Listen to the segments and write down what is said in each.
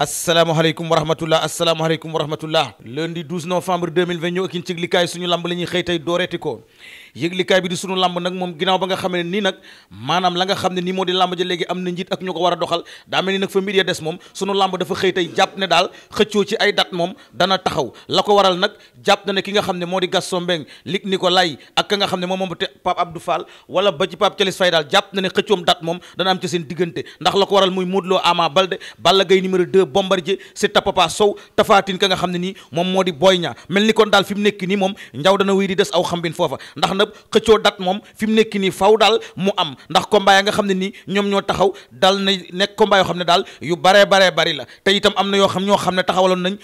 as asalaamaaleykum wa rahmatullah asalaamaaleykum wa rahmatullah lundi 12 novembre 2020 ñëw ak na a dafa xëy jàpp ne daal xëccoo ci ay dat moom dana taxaw la ko waral nag jàpp na ne ki nga xam ne moo di Gaston Mbengue Luc Nicolaï ak ka nga xam ne moom moom te Pape Abdou Fall wala ba ci Pape Thialis Faye daal jàpp na ne xëccoom dat moom dana am ci seen diggante ndax la ko waral muy Modou Lo Ama Baldé Balla Gaye numéro 2 bomba Bombardier Siteu a Sow Tapha Tine ka nga xam ne nii moom moo di Boy Niang mel ni kon daal fi nekk nii moom njaw dana wéy di des aw xambin foofa ndax nag xëccoo dat moom fi nekk nii faw daal mu am ndax combat ya nga xam ne nii ñoom ñoo taxaw dal na nekk combat yoo xam ne daal la te itam am na yoo xam ñoo xam ne taxawaloon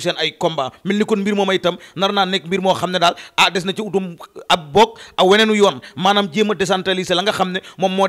seen ay combat mel ni kon mbir moom itam nar naa nekk mbir moo xam ne daal ah des na ci utum ab boog a weneenu yoon maanaam jéem a la nga xam ne moom moo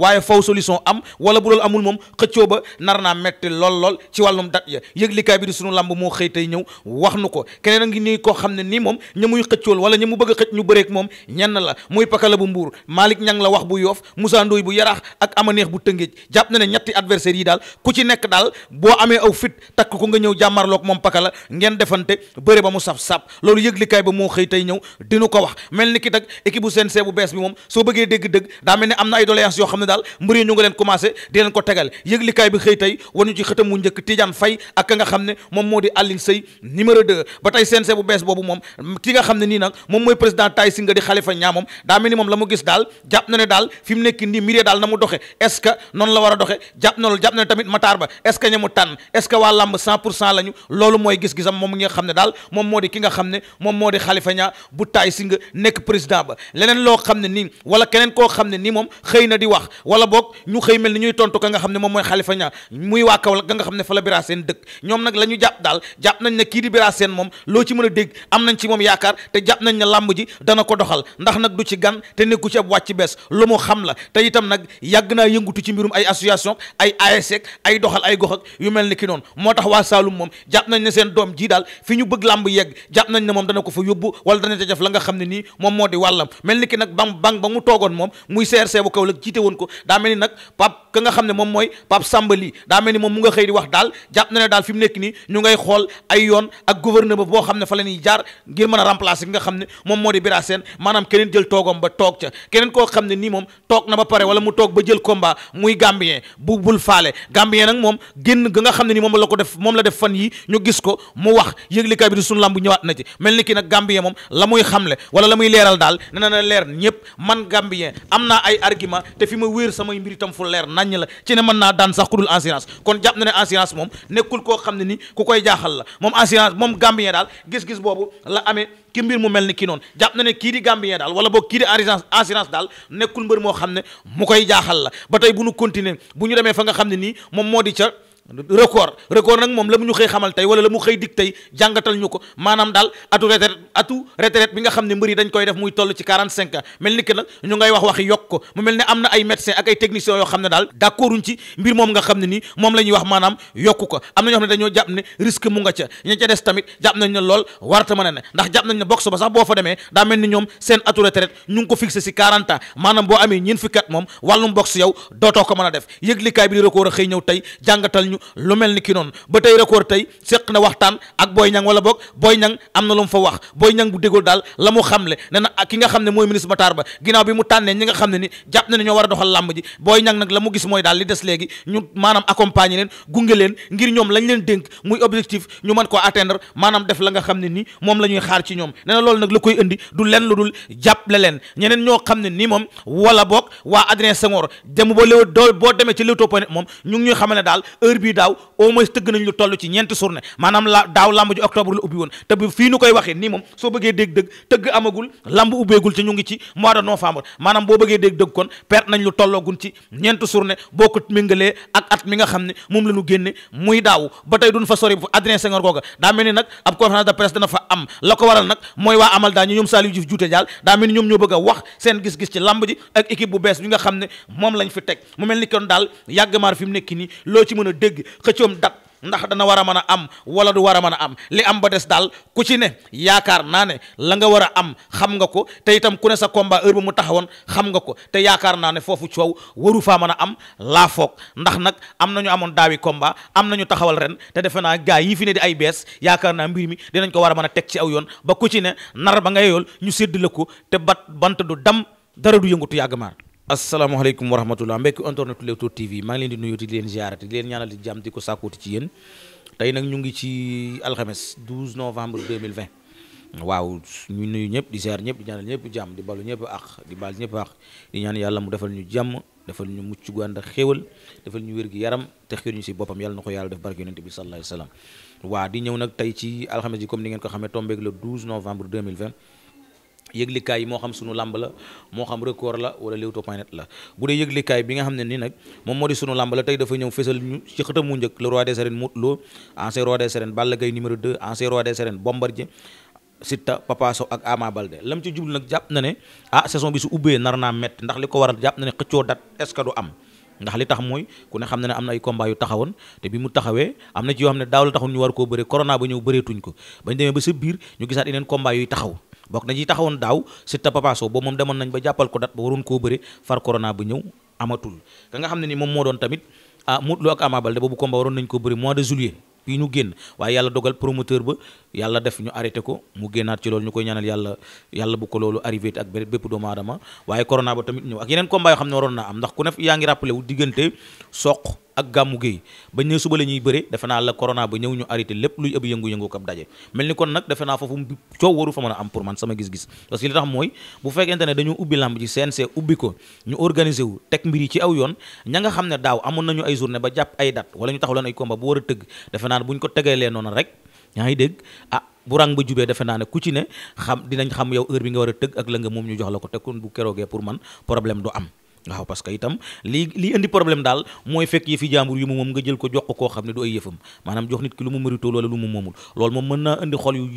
waaye faw solution am wala bu loolu amul moom xëccoo ba nar naa metti lool lool ci wàllum dat ya yëglikaay bi di sunu làmb moo xëy tey ñëw wax nu ko keneen a ngi nii koo xam ne nii moom ña muy xëccool wala ña mu bëgg a xëcc bëreek moom ñenn la muy pakala bu mbuur Ñang la wax bu yoof Moussa Ndoy bu yaraax ak amaneex bu tëngéej jàpp na ne ñetti adversaires yi daal ku ci nekk daal boo amee aw fit takk ko nga ñëw jàmmarloog moom pakala ngeen defante bëre ba mu saf-saf loolu yëglikaay ba moo xëy tey ñëw dinu ko wax mel ni ki tak équipe bu CNG bu bees bi moom soo bëggee dégg-dëgg daa mel ne am na ay doléances yoo xam ne daal mbër yi ñu ngi leen commencé di leen ko tegal yëglikaay bi xëy tey wañu ci xëtam mu njëkk Tidiane Faye ak ka nga xam ne moom moo di Alioune Seye numéro 2 ba tey CNG bu bees boobu moom ki nga xam ne nii moom a moo di ki nga xam ne moom moo di Khalifa Niang bu Tay Singa nekk président ba leneen loo xam ne nii wala keneen koo xam ne nii moom xëy na di wax wala boog ñu xëy mel ni ñuy tontu ka nga xam ne moom mooy xalifa ñaa muy waa Kaolack ka nga xam ne fa la Bira Sène dëkk ñoom nag la ñu jàpp daal jàpp nañ ne kii di Bira Sène moom loo ci mën a dégg am nañ ci moom yaakaar te jàpp nañ ne làmb ji dana ko doxal ndax nag du ci gan te nekku ci ab wàcc bees lu mu xam la te itam nag yàgg naa yëngutu ci mbirum ay association ay ASC ay doxal ay gox yu mel ni ki noonu moo tax waa Saloum moom jàpp nañ ne seen doom ji daal fi ñu bëgg làmb yegg jàpp nañ ne moom dana ko fa yóbbu wala dana ca def la nga xam ne nii moom moo di wàllam mel ni ki nag bang bang ba mu toogoon moom muy CRC bu Kaolack jiite woon ko daa mel nag pap ka nga xam ne moom mooy pap sàmbali daa mel ni moom mu nga xëy di wax daal jàpp na ne daal fi mu nekk nii ñu ngay xool ay yoon ak gouverneur ba boo xam ne fa la ñuy jaar ngir mën a remplacer ki nga xam ne moom moo di Bira Sène keneen jël toogam ba toog ca keneen koo xam ne nii moom toog na ba pare wala mu toog ba jël combat muy Gambien bu bul faale Gambien nag moom génn ga nga xam ne nii moom la ko def moom la def fan yi ñu gis ko mu wax yëglikaay bi di sunu lamb ñëwaat na ci mel ni ki nag Gambien moom la muy xamle wala la muy leeral daal nee na leer ñëpp man Gambien wéer samay mbir itam fu leer naññ la ci ne mën naa daan sax ku dul assurance kon jàpp na ne moom nekkul koo xam ne ni ku koy jaaxal la moom assurance moom gambien daal gis-gis boobu la amee ki mbir mu mel ni kii noonu jàpp na ne kii di gambien daal wala boog kii di assurance daal nekkul mbër moo xam ne mu koy jaaxal la ba tey bu ñu continuer bu ñu demee fa nga xam ne nii moom moo di ca record record nag moom la mu ñu xëy xamal tey wala la mu xëy dig tey jàngatal ñu ko maanaam daal atu retraite atu retraite bi nga xam ne mbër yi dañ koy def muy toll ci 45 ans mel ni que nag ñu ko mu mel ne am na ay xam ne daal d'accorduñ ci mbir moom nga moom la ñuy wax maanaam yokku ko am na ñoo xam ne dañoo jàpp ne risque mu nga ca ña ca des tamit jàpp nañ ne lool warta mën a ne ndax jàpp nañ ne ba sax boo fa demee daa mel ni ñoom seen atu retraite ñu ngi ko fixé si 40 ans maanaam boo amee ñeen fukki ko mën a bi di record a ñu lu mel ni ki noonu ba tey record tey séq na waxtaan ak Boy Niang wala boog Boy Niang am na lu mu fa wax Boy Niang bu déggul daal la mu ki nga xam ne mooy ministre Matar Ba ginnaaw bi mu tànnee ñi nga xam ne ni jàpp na ne ñoo war a doxal làmb ji Boy Niang nag la mu gis mooy daal li des léegi ñu maanaam accompagner leen gunge leen ngir ñoom lañ leen dénk muy objectif ñu mën koo atteindre maanaam def la nga xam ne ni moom la ñuy xaar ci ñoom nee na loolu nag la koy indi du leen lu dul jàppale leen ñeneen ñoo xam ne ni moom wala boog waa Adrien Senghor dem boo léew doo boo demee ci Leewtoo bii daaw au moins tëgg nañ lu toll ci ñeenti journée maanaam la daaw lamb ji octobre la ubbi woon te fii nu koy waxee nii moom soo bëggee dégg dëgg tëgg amagul lamb ubbeegul ci ñu ngi ci mois de novembre maanaam boo bëggee dégg dëgg kon perte nañ lu tolloogun ci ñeenti journée boo ko méngalee ak at mi nga xam ne moom la génne muy daaw ba tey duñ fa sori bu Adrien Senghor googa daa mel ni nag ab conférence de presse dana fa am la ko waral nag mooy dëgg xëccoom dat ndax dana war a mën a am wala du war a mën a am li am ba des daal ku ci ne yaakaar naa ne la nga war a am xam nga ko te itam ku ne sa combat heure mu taxawoon xam nga ko te yaakaar naa ne foofu coow waru faa mën a am laa foog ndax nag am na nañu amoon daawi combat am nañu taxawal ren te defe naa gaa yi fi ne di ay bees yaakaar naa mbir mi dinañ ko war a mën a teg ci aw yoon ba ku ci ne nar ba nga yool ñu sédd la ko te bat bant du dam dara du yëngutu yàgg asalaamaaleykum wa rahmatulah mbekk internet Leewtoo TV maa ngi leen di nuyu di leen ziarati di leen ñaanal di di ko sàkkuuti ci yéen tey nag ñu ngi ci alxames 12 novembre 2020 waaw ñu nuyu ñëpp di ziar ñëpp di ñëpp jàmm di balu ñëpp ak di baal ñëpp ak di ñaan yàlla mu defal ñu jàmm defal ñu mucc gu ànd ak xéewal defal ñu wér gi yaram te xiir ñu si boppam yàlla na ko yàlla def barke yonent bi sallallahu alayhi waa di ñëw nag tey ci alxames yi comme ni ngeen ko xamee tombeeg yëglikaay yi moo xam sunu làmb la moo xam record la wala Leewtoo point la bu dee yëglikaay bi nga xam ne nii nag moom moo di sunu làmb la tey dafa ñëw fésal ñu ci xëtam mu njëkk le roi des arènes Modou Lo ancien roi des arènes Balla Gaye numéro 2 ancien roi des arènes Bombardier Siteu Papa ak Ama Baldé lam ci jublu nag jàpp na ne ah saison bi su ubbee nar naa métti ndax li ko waral jàpp na ne xëccoo dat est-ce que du am ndax li tax mooy ku ne xam ne na yu taxawoon mu taxawee am na ci yoo daaw la war koo bëre corona ba ñëw bëreetuñ ko bañ demee ba sa biir ñu bokk dañuy taxawoon daaw Siteu Papa Sow boobu moom demoon nañ ba jàppal ko dat ba waroon koo bëre far corona bu ñëw amatul ka nga xam ne ni moom moo doon tamit ah Modou Lo ak Ama Baldé boobu combat waroon nañ ko bëri mois de juillet yi ñu génn waaye yàlla dogal promoteur ba yàlla def ñu arrêté ko mu génnaat ci loolu ñu koy ñaanal yàlla yàlla bu ko loolu arrivé ak bépp doomu aadama waaye corona ba tamit ñëw ak yeneen combat xam ne waroon naa am ndax ku ne ngi rappelé wu diggante soq ak gàmmu géey ba ne suba la ñuy bëre defe naa la corona ba ñëw ñu arrêté lépp luy ëpp yëngu-yëngu kab daje mel ni kon nag defe naa foofu coow waru fa mën a am pour man sama gis-gis parce que li tax mooy bu fekkente ne dañu ubbi làmb ji CNC ubbi ko wu teg mbir yi ci aw yoon ña nga xam ne daaw amoon nañu ay journée ba jàpp ay dat wala ñu taxawaloon ay combat bu war a tëgg defe naa buñ ko tegeelee noonu rek yaa ngi dégg ah bu rang ba jubee defe naa ne ku ci ne xam dinañ xam yow heure bi nga war a tëgg ak la nga moom ñu jox la ko te bu keroogee pour man problème du am waaw parce que itam lii lii indi problème daal mooy fekk yëfi jàmbur yu mu moom nga jël ko jox koo xam ne du ay yëfam maanaam jox nit ki lu mu mérito loola lu mu moomul loolu moom mën naa indi xol yu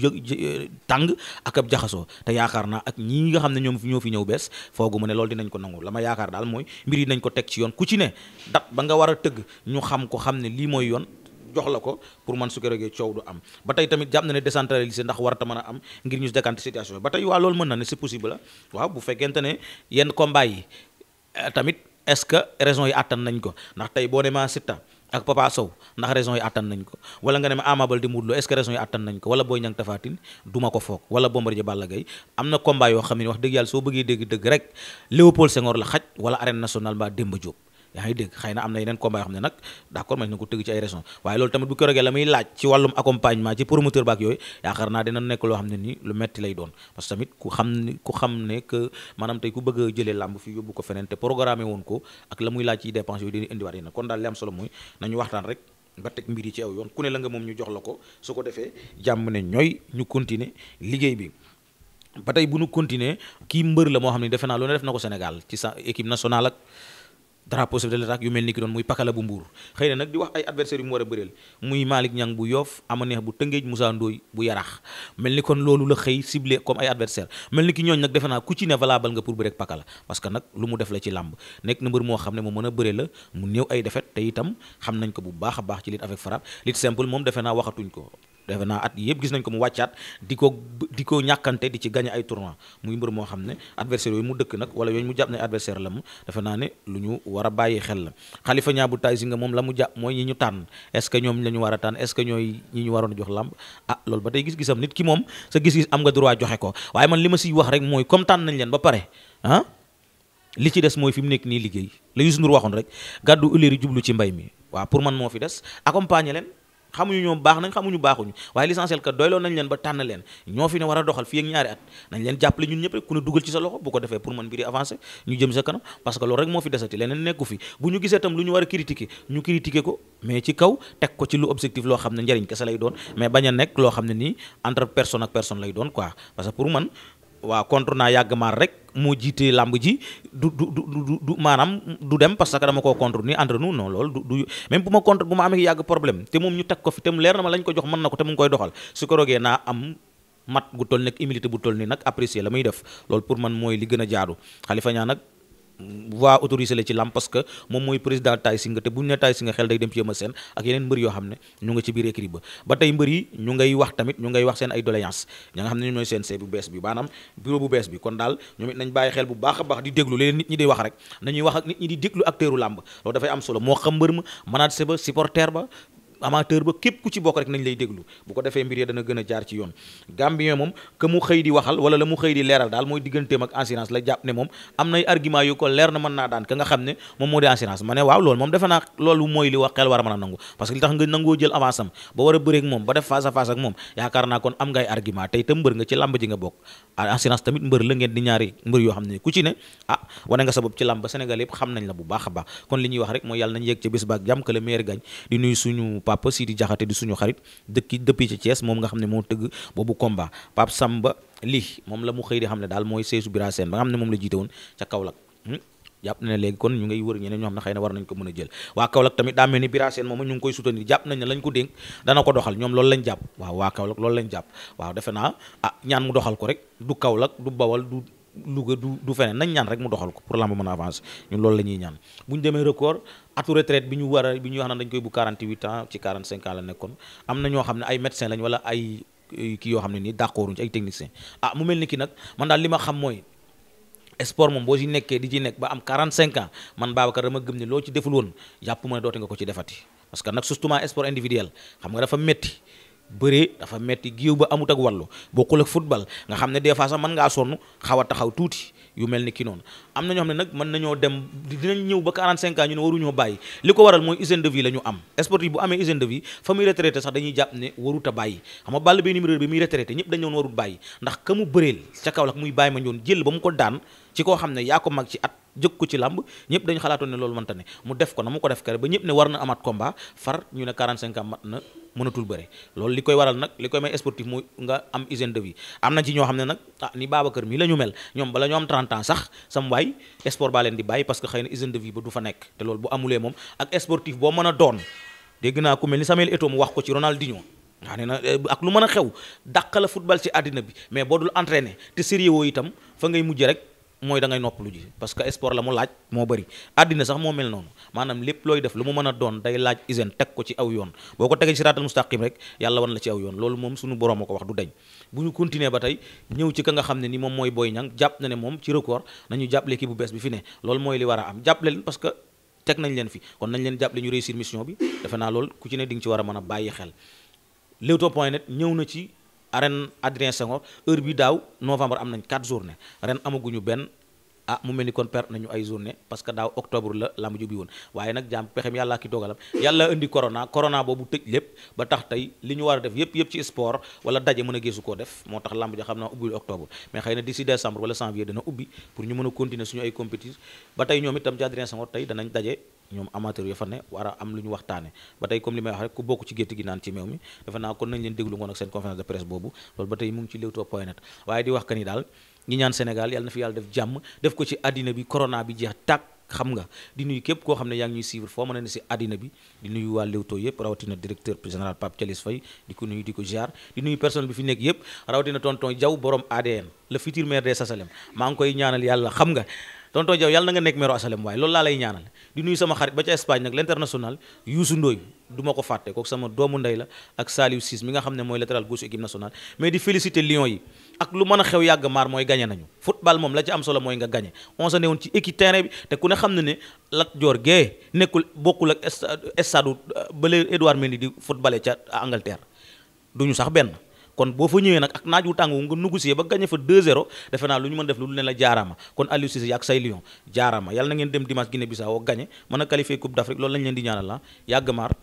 tàng ak ab jaxasoo te yaakaar naa ak ñii nga xam ne ñoom ñoo fi ñëw bees foogu mu ne lool dinañ ko nangu lama ma yaakaar daal mooy mbir yi nañ ko teg ci yoon ku ci ne dat ba nga war a tëgg ñu xam ko xam ne lii mooy yoon jox la ko pour man su ko régee coow du am ba tey tamit jàpp na ne décentralisé ndax warata mën a am ngir ñu décanté situation ba tey waa loolu mën na ne c'est possible la waaw bu fekkente ne yenn combat yi Eh, tamit est-ce que raison yi àttan nañ ko ndax tey boo ne maa Siteu ak Papa Sow ndax raison yi àttan nañ ko wala nga ne ma Ama Baldé Modou Lô est-ce raison yi àttan nañ ko wala Boy Niang Tapha duma ko foog wala Bombardier Balla Gaye am na combat xam ne wax dëgg yàlla soo bëggee dégg dëgg rek Léopold Senghor la xaj wala arène nationale mbaa Demba Diop yaa ngi dégg xëy na am na yeneen combat yoo xam ne nag d'accord mën na waaye loolu tamit bu ko rogee la muy laaj ci wàllum accompagnement ci promoteur baak yooyu yaakaar naa dina nekk loo xam ne ni lu metti lay doon parce que tamit ku xam ne ku xam ne que maanaam tey ku bëgg a jëlee làmb fi yóbbu ko feneen te programmé woon ko ak la muy laaj ci dépense yooyu dina indiwaat yéen kon daal li am solo mooy nañu waxtaan rek ba teg mbir yi ci aw yoon ku ne la nga moom ñu jox la ko su ko defee ñu continuer liggéey bi ba tey bu ñu continuer kii mbër la moo xam ne defe naa na ko Sénégal ci sa équipe nationale ak drapeau chef de yu mel ni ki doon muy pakala bu mbuur xëy na nag di wax ay adversaire yu mu war a bëreel muy Malick Niang bu Yoff ama neex bu Tëngéej Moussa bu Yarax mel ni kon loolu la xëy cible comme ay adversaire mel ni ki ñooñ nag defe naa ku ci ne valable nga pour bëre ak pakala parce que nag lu mu def la ci làmb nekk na mbër moo xam ne mu mën a bëre la mu néew ay defet te itam xam nañ ko bu baax a baax ci lutte avec frappe lutte simple moom defe naa waxatuñ ko defe naa at yëpp gis nañ ko mu wàccaat di ko di ko ñàkkante di ci gagné ay tournoi muy mbër moo xam ne adversaire yooyu mu dëkk nag wala yooyu mu jàpp ne adversaire la mu defe naa ne lu ñu war a bàyyi xel la xalifa ñaabu tay si nga moom la mu jàpp mooy ñi ñu tànn est ce ñoom la ñu war a tànn est ce que ñooy ñi ñu waroon a jox làmb ah loolu ba tey gis-gisam nit ki moom sa gis-gis am nga droit joxe ko waaye man li ma siy wax rek mooy comme tànn nañ leen ba pare ah ci des mooy fi mu nekk nii liggéey la Youssou Ndour waxoon rek gàddu ulleeri jublu ci mbay mi xamuñu ñoom baax nañ xamuñu baaxuñu waaye l'essentiel que doyloo nañ leen ba tànn leen ñoo fi ne war a doxal fii ak ñaari at nañ leen jàppale ñun ñëpp rek ku ne dugal ci sa loxo bu ko defee pour man mbiri avancé ñu jëm sa kanam parce loolu rek moo fi desati leneen nekku fi bu ñu gisee tam lu ñu war a critiquer ñu critiquer ko mais ci kaw teg ko ci lu objectif loo xam ne njariñ kese lay doon mais bañ a nekk loo xam ne nii entre personne ak personne lay doon quoi parce waaw contre naa yàgg maar rek moo jiite làmb ji du du du du maanaam du dem parce que dama ko contre ni entre nous non loolu du du même bu ma contre bu ma amee yàgg problème te moom ñu teg ko fi te mu leer na ma lañ ko jox mën na ko te mu ngi koy doxal su ko rogee naa am mat gu toll nekk humilité bu toll nii nag apprécier la muy def loolu pour man mooy li gën a jaadu Khalifa ñaa nag voie autorisée la ci lamb parce que moom mooy président Tay Shinger te bu ñu ne Tay Shinger xel day dem ci ak yeneen mbër yoo xam ne ñu nga ci biir écrit ba ba tey mbër yi ñu ngay wax tamit ñu ngay wax seen ay doléance ña nga xam ne ñooy CNG bu bees bi maanaam bureau bu bees bi kon daal ñoom it nañ bàyyi xel bu baax a baax di déglu léeg nit ñi di wax rek nañuy wax ak nit ñi di déglu acteuru làmb loolu dafay am solo moo xam mbër ma manaat ba supporter ba amateur ba képp ku ci bokk rek nañ lay déglu bu ko defee mbir ya dana gën a jaar ci yoon Gambien moom que mu xëy di waxal wala la mu xëy di leeral daal mooy digganteem ak assurance la jàpp ne moom moo di assurance ma ne waaw loolu moom defe naa loolu mooy li wax xel war a mën a nangu parce que li tax nga nangoo jël avance ba war a bëreek moom ba def face à ak moom yaakaar naa kon am ngay argument tey te mbër nga ci làmb ji nga bokk assurance papa Sidi di suñu xarit dëkki dëppi ci Thiès moom nga xam ne moo tëgg boobu combat Pape Samba li moom la mu xëy di xam ne daal mooy seesu bira ba nga xam ne moom la jiite woon ca Kaolack hmm? jàpp nañ a lañ ko dénk dana ko doxal ñoom loolu lañ jàpp waaw waa Kaolack loolu lañ jàpp waaw defe naa ah ñaan mu doxal ko rek du Kaolack du Bawal du Louga du du feneen nañ ñaan rek mu doxal ko pour lamb mën avancer ñun loolu la ñuy ñaan bu ñu demee record atu retraite bi ñu war a bi ñu wax naan dañ koy bu 48 ans ci 45 ans la nekkoon am na ñoo xam ne ay médecin lañ wala ay kii yoo xam ne nii d'accorduñ ci ay technicien ah mu mel ni ki nag man daal li ma xam mooy sport moom boo ci nekkee di ci nekk ba am 45 ans man Babacar dama gëm ne loo ci deful woon jàpp ma ne doote nga ko ci defati parce que nag surtout sport individuel xam nga dafa bëree dafa metti géew ba amut ak wàllu bokkul ak football nga xam ne des fois sax mën ngaa sonn xaw a taxaw tuuti yu mel ni ki noonu am na ñoo xam ne nag mën nañoo dem dinañ ñëw ba 45 ans ñu ne waruñoo bàyyi li ko waral mooy hygiène de la ñu am sportif bu amee hygiène de vie fa muy retraité sax dañuy jàpp a bàyyi xam nga ñëpp dañu warut bàyyi ndax ka mu bëreel ca kaw la muy bàyyi jël ba mu ko daan ci koo xam ne yaa ko mag ci at jëkk ko ci làmb ñëpp dañu xalaatoon ne loolu mënta ne mu def ko na mu ko def kere ba ne war na amaat combat far ñu ne 45 ans mat na mënatul bëre loolu li koy waral nag li koy may sportif mu nga am hygiène de vie am na ci ñoo xam ne nag ah ni Babacar mi la ñu mel ñoom bala ñoo am 30 ans sax sam waay sport baa leen di bàyyi parce que xëy na hygiène de vie ba du fa nekk te loolu bu amulee moom ak sportif boo mën a doon dégg naa ku mel ni Samuel Eto'o mu wax ko ci Ronaldinho nga ne na eh, ak lu mën a xew dàq la football ci àddina bi mais boo dul entraîné te sérieux itam fa ngay mujj rek mooy da ngay noppalu ji parce que sport la mu laaj moo bëri àddina sax moo mel noonu maanaam lépp looy def lu mu mën a doon day laaj hygiène teg ko ci aw yoon boo ko tegee ci siraatal mustaqim rek yàlla wan la ci aw yoon loolu moom suñu borom ko wax du dañ bu ñu continuer ba tey ñëw ci ka nga xam ne ni moom mooy Boy Niang jàpp na ne moom ci record nañu jàppale kii bu bees bi fi ne loolu mooy li war a am jàppale leen parce que teg nañ leen fi kon nañ ren Adrien Senghor heure bi daaw novembre am nañ 4 journée ren amaguñu benn a ah, mu mel ni kon per nañu ay journée parce que daaw octobre la lamb ji ubbi woon waaye nag jaam pexem yàllaa ki dogalam yàlla indi corona corona boobu tëj lépp ba tax tey li ñu war a def yëpp yëpp ci sport wala daje mën a géesu koo def moo tax lamb ji xam naa ubbi octobre mais xëy na d'ici décembre wala janvier dana ubbi pour ñu mën a continuer suñu ay compétition ba tey ñoom itam tey danañ daje ñoom amateur ya ne war a am lu ñu waxtaane ba tey comme li may wax rek ku bokk ci gétt gi naan ci meew mi dafa naa kon nañ leen déglu ngoon ak seen conférence de presse boobu loolu ba tey mu ngi ci Leewtoo point net waaye di wax ka ni daal ñi ñaan Sénégal yàlla na fi yàlla def jàmm def ko ci àddina bi corona bi jeex tàkk xam nga di nuyu képp koo xam ne yaa ngi ñuy suivre foo mën a ne si àddina bi di nuyu waa Leewtoo yëpp rawatina directeur général Pape Thialis Faye di ko nuyu di ko fi nekk yëpp rawatina tonton Diaw borom ADN le futur maire de Sasalem maa ngi yàlla xam nga tonton jaw yàlla na nga nekk meeru HLM waaye loolu laa lay ñaanal di nuyu sama xarit ba ca Espagne nag l'international Youssou Ndoye du ma ko fàtte kooku sama doomu ndey la ak Saliou Ciss mi nga xam ne mooy latéral gauche équipe nationale mais di féliciter Lions yi ak lu mën a xew yàgg maar mooy gagné nañu football moom la ci am solo mooy nga gagné on se newoon ci équipe terrain bi te ku ne xam ne ne Lat Dior Guèye nekkul bokkul ak stade euh, bële Edouard Mendy di footballé ca Angleterre duñu sax benn kon boo fa ñëwee nag ak naaj wu tàng wu nga négocier ba gagné fa 2-0 defe naa lu ñu mën def lu ne la jaaraama kon Aliou Cissé ak say Lions jaaraama yàlla na ngeen dem dimanche Guinée Bissau gagné mën a qualifier Coupe d'Afrique loolu lañ leen di ñaanal la ah. yàgg maar